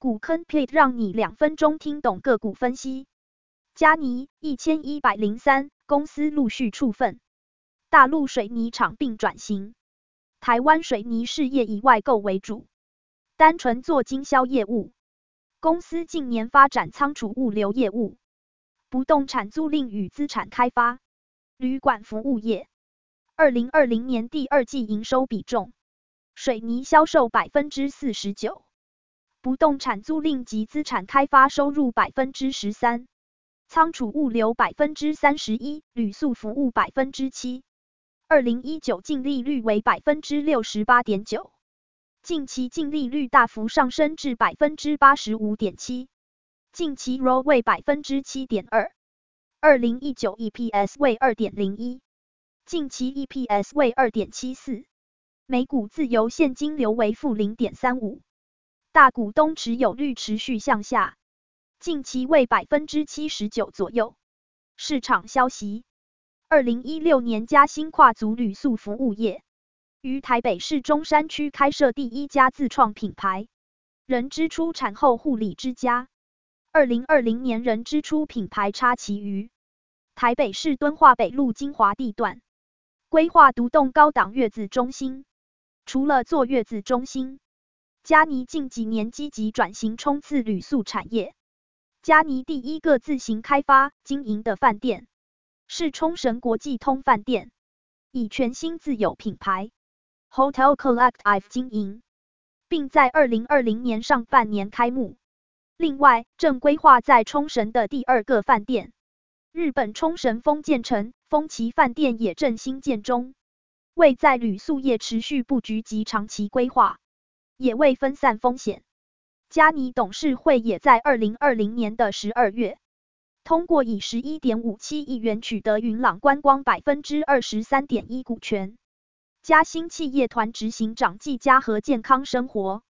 股坑 plate 讓你兩分鐘聽懂個股分析。嘉泥一千一百零三，公司陸續處分大陸水泥廠，並轉型。台灣水泥事業以外購為主，單純做經銷業務。公司近年發展倉儲物流業務、不動產租賃與資產開發、旅館服務業。二零二零年第二季營收比重，水泥銷售百分之四十九。不動產租賃及資產開發收入百分之十三，倉儲物流百分之三十一，旅宿服務百分之七。二零一九淨利率為百分之六十八點九，近期淨利率大幅上升至百分之八十五點七，近期 ROE 為百分之七點二。二零一九 EPS 為二點零一，近期 EPS 為二點七四，每股自由現金流為負零點三五。大股東持有率持續向下，近期為百分之七十九左右。市場消息：二零一六年，嘉泥跨足旅宿服務業，於台北市中山區開設第一家自創品牌“人之初產後護理之家”。二零二零年，人之初品牌插旗於台北市敦化北路精華地段，規劃獨棟高檔月子中心。除了做月子中心，.嘉泥近幾年積極轉型，衝刺旅宿產業。嘉泥第一個自行開發經營的飯店是沖繩國際通飯店，以全新自有品牌 Hotel Collective 經營，並在2020年上半年開幕。另外，正規劃在沖繩的第二個飯店——日本沖繩豐見城豐崎飯店也正興建中，未在旅宿業持續布局及長期規劃。也為分散風險，嘉泥董事會也在二零二零年的十二月通過以十一點五七億元取得雲朗觀光百分之二十三點一股權。嘉新企業團執行長暨嘉和健康生活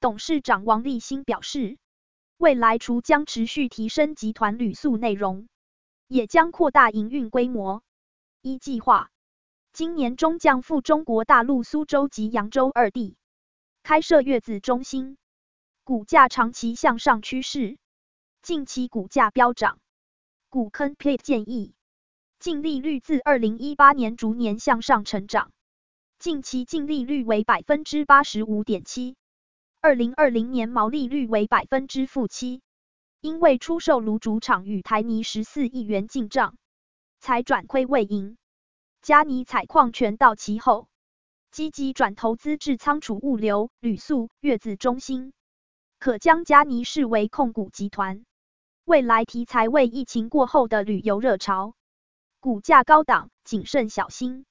董事長王立新表示，未來除將持續提升集團旅宿內容，也將擴大營運規模。依計劃，今年中將赴中國大陸蘇州及揚州二地。開設月子中心，股價長期向上趨勢，近期股價飆漲。股坑 plate 建議，淨利率自二零一八年逐年向上成長，近期淨利率為百分之八十五點七，二零二零年毛利率為百分之負七，因為出售蘆竹廠與台泥十四億元進賬，才轉虧為盈。嘉泥採礦權到期後，積極轉投資至倉儲物流、旅宿、月子中心，可將嘉泥視為控股集團。未來題材為疫情過後的旅遊熱潮，股價高檔，謹慎小心。